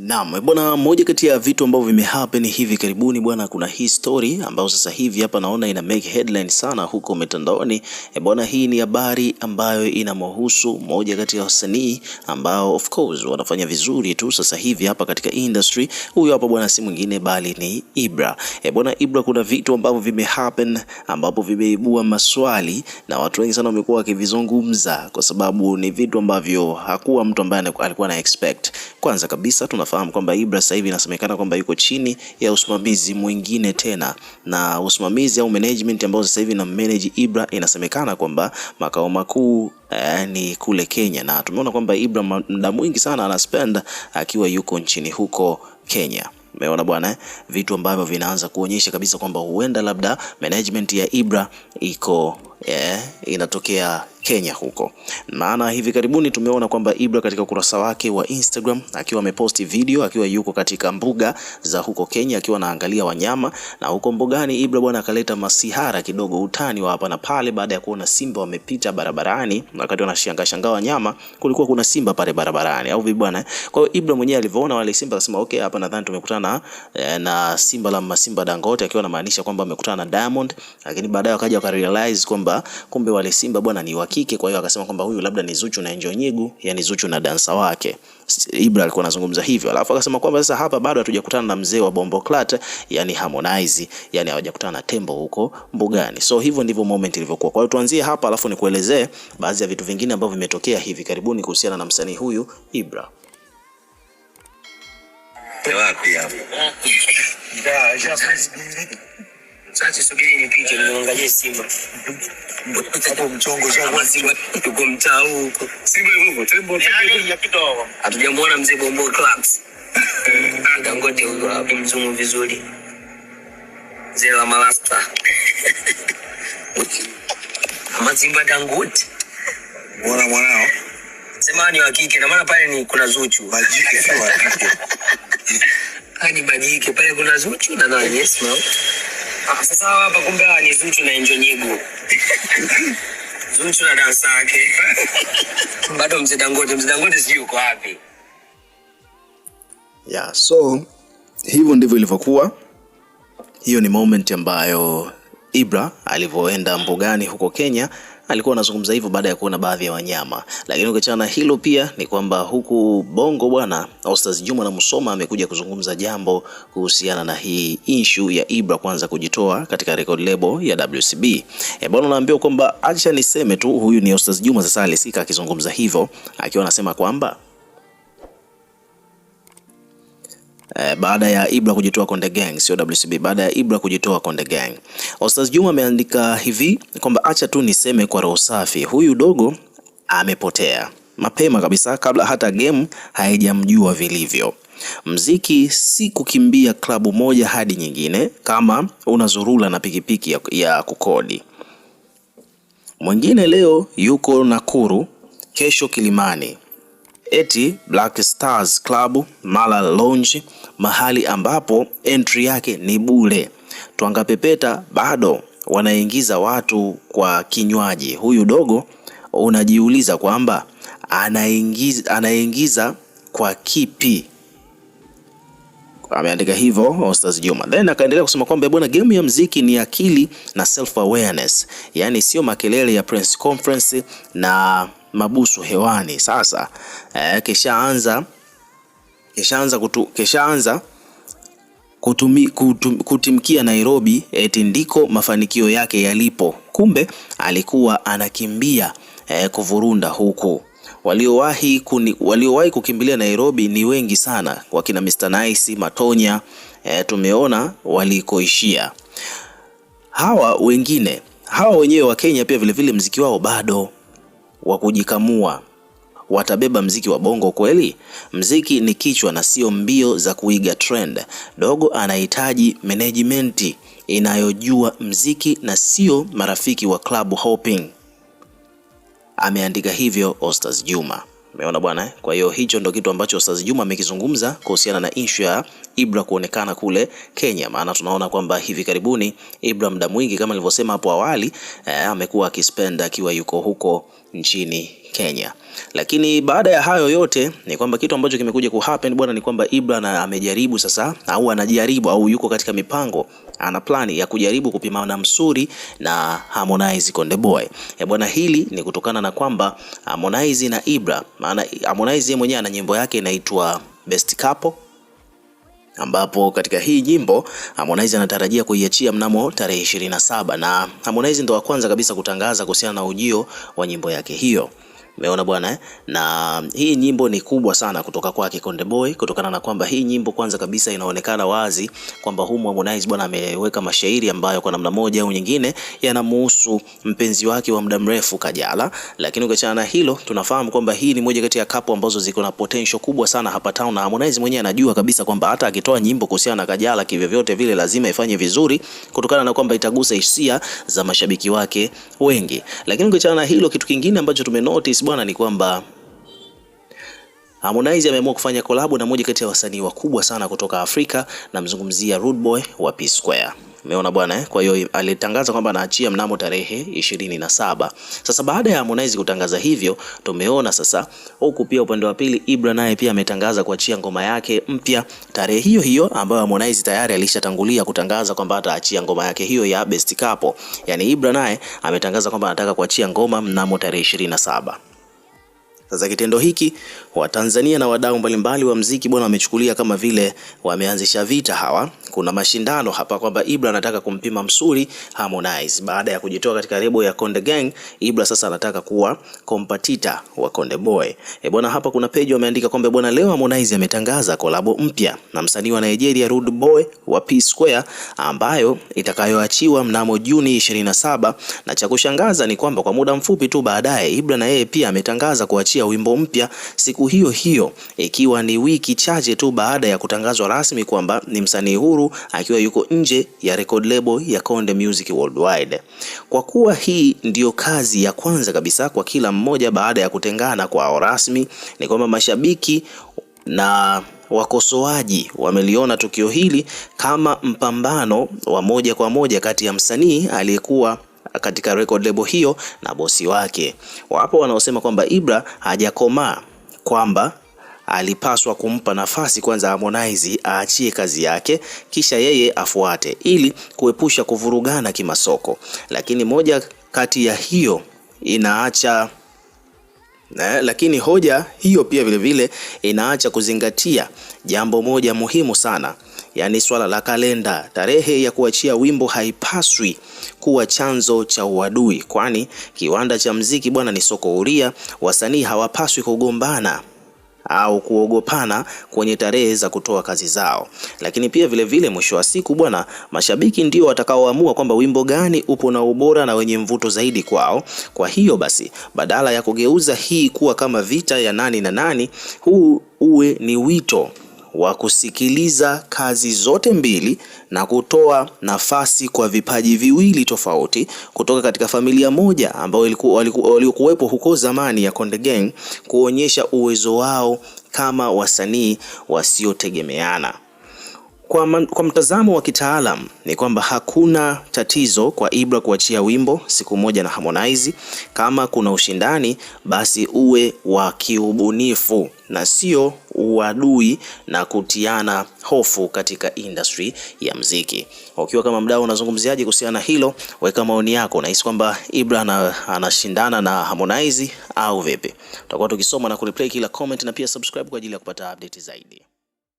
Naam, eh, bwana, moja kati ya vitu ambavyo vimehappen hivi karibuni bwana, kuna hii story ambayo sasa hivi hapa naona ina make headline sana huko mitandaoni. E bwana, hii ni habari ambayo inamhusu moja kati ya wasanii ambao of course wanafanya vizuri tu sasa hivi hapa katika industry. Huyo hapa bwana, si mwingine bali ni Ibra. E bwana, Ibra, kuna vitu ambavyo vimehappen ambapo vimeibua maswali na watu wengi sana wamekuwa wakivizungumza kwa sababu ni vitu ambavyo hakuwa mtu ambaye alikuwa na expect. Kwanza kabisa tuna tunafahamu kwamba Ibra sasa hivi inasemekana kwamba yuko chini ya usimamizi mwingine tena, na usimamizi au management ambao sasa hivi na manage Ibra inasemekana kwamba makao makuu eh, ni kule Kenya, na tumeona kwamba Ibra muda mwingi sana anaspend akiwa yuko nchini huko Kenya. Umeona bwana, eh? vitu ambavyo vinaanza kuonyesha kabisa kwamba huenda labda management ya Ibra iko eh, inatokea Kenya huko, maana hivi karibuni tumeona kwamba Ibra katika ukurasa wake wa Instagram akiwa ameposti video akiwa yuko katika mbuga za huko Kenya akiwa anaangalia wanyama, na huko mbugani Ibra bwana akaleta masihara kidogo, utani wa hapa na pale, baada ya kuona simba wamepita barabarani wakati wanashangaa shangaa wanyama, kulikuwa kuna simba pale barabarani au vipi bwana. Kwa hiyo Ibra mwenyewe alivyoona wale simba akasema okay, hapa nadhani tumekutana eh, na simba la masimba Dangote, akiwa anamaanisha kwamba amekutana na Diamond, lakini baadaye wakaja wakarealize kwamba kumbe wale simba bwana ni waki kike, kwa hiyo akasema kwamba huyu labda ni Zuchu na Enjoy Nyigu, yani Zuchu na dansa wake. Ibra alikuwa anazungumza hivyo, alafu akasema kwamba sasa hapa bado hatujakutana na mzee wa Bombo Clat, yani Harmonize, yani hawajakutana na tembo huko mbugani. So hivyo ndivyo moment ilivyokuwa. Kwa hiyo tuanzie hapa, alafu nikuelezee baadhi ya vitu vingine ambavyo vimetokea hivi karibuni kuhusiana na msanii huyu Ibra. Sasa subiri nipige, niangalie Simba hapo mchongo cha mzima, yuko mtaa huko, Simba yuko tembo, yaani ya kidogo, hatujamwona mzee Bombo Clubs Dangote eh. huyo hapo, mzungu vizuri, mzee wa malasta ama Simba Dangote, mwana mwanao semani wa kike, na maana pale ni kuna Zuchu majike sio wa kike, hani majike ah, pale kuna Zuchu na nani yes mama Ah, sasa hapa kumbe ni Zuchu na Angel Nyigu. Zuchu na dansa yake. Bado mzee Dangote, mzee Dangote sijui uko wapi. Yeah, so hivyo ndivyo ilivyokuwa. Hiyo ni moment ambayo Ibra alivyoenda mbugani huko Kenya alikuwa anazungumza hivyo baada ya kuona baadhi ya wanyama. Lakini ukiachana na hilo, pia ni kwamba huku Bongo bwana Ostaz Juma na Musoma amekuja kuzungumza jambo kuhusiana na hii issue ya Ibra kwanza kujitoa katika record label ya WCB. E bwana, naambiwa kwamba acha niseme tu, huyu ni Ostaz Juma sasa alisika akizungumza hivyo akiwa anasema kwamba eh, baada ya Ibra kujitoa Konde Gang, sio WCB, baada ya Ibra kujitoa Konde Gang. Ostaz Juma ameandika hivi kwamba acha tu niseme kwa roho safi, huyu dogo amepotea mapema kabisa kabla hata game haijamjua vilivyo. Mziki si kukimbia klabu moja hadi nyingine kama unazurula na pikipiki ya, ya kukodi. Mwingine leo yuko Nakuru, kesho Kilimani, eti Black Stars Club Mala Lounge, mahali ambapo entry yake ni bure. Twangapepeta bado wanaingiza watu kwa kinywaji. Huyu dogo unajiuliza kwamba anaingiza, anaingiza kwa kipi? Ameandika hivyo Ostaz Juma, then akaendelea kusema kwamba bwana, game ya mziki ni akili na self awareness, yaani sio makelele ya press conference na mabusu hewani. Sasa eh, keshaanza keshaanza kutu, keshaanza kutumi, kutum, kutimkia Nairobi eti ndiko mafanikio yake yalipo. Kumbe alikuwa anakimbia eh, kuvurunda huku waliowahi waliowahi kukimbilia Nairobi ni wengi sana, wakina Mr Nice, Matonya e, tumeona walikoishia hawa wengine hawa wenyewe wa Kenya pia vilevile mziki wao bado wa kujikamua. Watabeba mziki wa bongo kweli? Mziki ni kichwa na sio mbio za kuiga trend. Dogo anahitaji management inayojua mziki na sio marafiki wa club hopping. Ameandika hivyo Ostaz Juma. Umeona bwana eh? Kwa hiyo hicho ndo kitu ambacho Ustaz Juma amekizungumza kuhusiana na issue ya Ibra kuonekana kule Kenya, maana tunaona kwamba hivi karibuni Ibra muda mwingi kama nilivyosema hapo awali eh, amekuwa akispend akiwa yuko huko nchini Kenya. Lakini baada ya hayo yote ni kwamba kitu ambacho kimekuja kuhappen bwana ni kwamba Ibra na amejaribu sasa au anajaribu au yuko katika mipango ana plani ya kujaribu kupimana msuri na Harmonize Konde Boy. Ya bwana, hili ni kutokana na kwamba Harmonize na Ibra, maana Harmonize yeye mwenyewe ana nyimbo yake inaitwa Best Couple ambapo katika hii jimbo Harmonize anatarajia kuiachia mnamo tarehe 27 na Harmonize ndo wa kwanza kabisa kutangaza kuhusiana na ujio wa nyimbo yake hiyo. Umeona bwana eh? Na mm, hii nyimbo ni kubwa sana kutoka kwake Konde Boy, kutokana na kwamba hii nyimbo kwanza kabisa inaonekana wazi kwamba humu Harmonize bwana ameweka mashairi ambayo kwa namna moja au nyingine yanamuhusu mpenzi wake wa muda mrefu Kajala. Lakini ukiachana na hilo, tunafahamu kwamba hii ni moja kati ya kapu ambazo ziko na potential kubwa sana hapa town, na Harmonize mwenyewe anajua kabisa kwamba hata akitoa nyimbo kuhusiana na Kajala kivyovyote vile lazima ifanye vizuri, kutokana na kwamba itagusa hisia za mashabiki wake wengi. Lakini ukiachana na hilo, kitu kingine ambacho tumenotice bwana ni kwamba Harmonize ameamua kufanya kolabo na moja kati ya wasanii wakubwa sana kutoka Afrika, namzungumzia Rude Boy wa P Square. Umeona bwana eh? Kwa hiyo alitangaza kwamba anaachia mnamo tarehe ishirini na saba. Sasa baada ya Harmonize kutangaza hivyo, tumeona sasa huku pia upande wa pili Ibra naye pia ametangaza kuachia ngoma yake mpya tarehe hiyo hiyo ambayo Harmonize tayari alishatangulia kutangaza kwamba ataachia ngoma yake hiyo ya Best Couple. Yaani Ibra naye ametangaza kwamba anataka kuachia ngoma mnamo tarehe ishirini na saba. Sasa kitendo hiki Watanzania na wadau mbalimbali wa mziki bwana, wamechukulia kama vile wameanzisha vita hawa. Kuna mashindano hapa kwamba Ibra anataka kumpima msuri Harmonize baada ya kujitoa katika lebo ya Konde Gang. Ibra sasa anataka kuwa kompatita wa Konde Boy. E bwana, hapa kuna page wameandika kwamba bwana, leo Harmonize ametangaza kolabo mpya na msanii wa Nigeria Rude Boy wa P Square ambayo itakayoachiwa mnamo Juni 27 na cha kushangaza ni kwamba kwa muda mfupi tu baadaye Ibra na yeye pia ametangaza kuachia kuachia wimbo mpya siku hiyo hiyo, ikiwa ni wiki chache tu baada ya kutangazwa rasmi kwamba ni msanii huru akiwa yuko nje ya record label ya Konde Music Worldwide. Kwa kuwa hii ndiyo kazi ya kwanza kabisa kwa kila mmoja baada ya kutengana kwao rasmi, ni kwamba mashabiki na wakosoaji wameliona tukio hili kama mpambano wa moja kwa moja kati ya msanii aliyekuwa katika record label hiyo na bosi wake. Wapo wanaosema kwamba Ibra hajakomaa, kwamba alipaswa kumpa nafasi kwanza Harmonize aachie kazi yake kisha yeye afuate ili kuepusha kuvurugana kimasoko, lakini moja kati ya hiyo inaacha na, eh, lakini hoja hiyo pia vilevile vile inaacha kuzingatia jambo moja muhimu sana yaani swala la kalenda. Tarehe ya kuachia wimbo haipaswi kuwa chanzo cha uadui, kwani kiwanda cha mziki bwana ni soko huria. Wasanii hawapaswi kugombana au kuogopana kwenye tarehe za kutoa kazi zao. Lakini pia vilevile, mwisho wa siku bwana, mashabiki ndio watakaoamua kwamba wimbo gani upo na ubora na wenye mvuto zaidi kwao. Kwa hiyo basi, badala ya kugeuza hii kuwa kama vita ya nani na nani, huu uwe ni wito wa kusikiliza kazi zote mbili na kutoa nafasi kwa vipaji viwili tofauti kutoka katika familia moja ambao waliokuwepo huko zamani ya Konde Gang kuonyesha uwezo wao kama wasanii wasiotegemeana. Kwa, man, kwa mtazamo wa kitaalam ni kwamba hakuna tatizo kwa Ibra kuachia wimbo siku moja na Harmonize. Kama kuna ushindani, basi uwe wa kiubunifu na sio uadui na kutiana hofu katika industry ya mziki. Ukiwa kama mdau, unazungumziaje kuhusiana na hilo? Weka maoni yako. Unahisi kwamba Ibra anashindana na Harmonize au vipi? Tutakuwa tukisoma na kureplay kila comment na pia subscribe kwa ajili ya kupata update zaidi.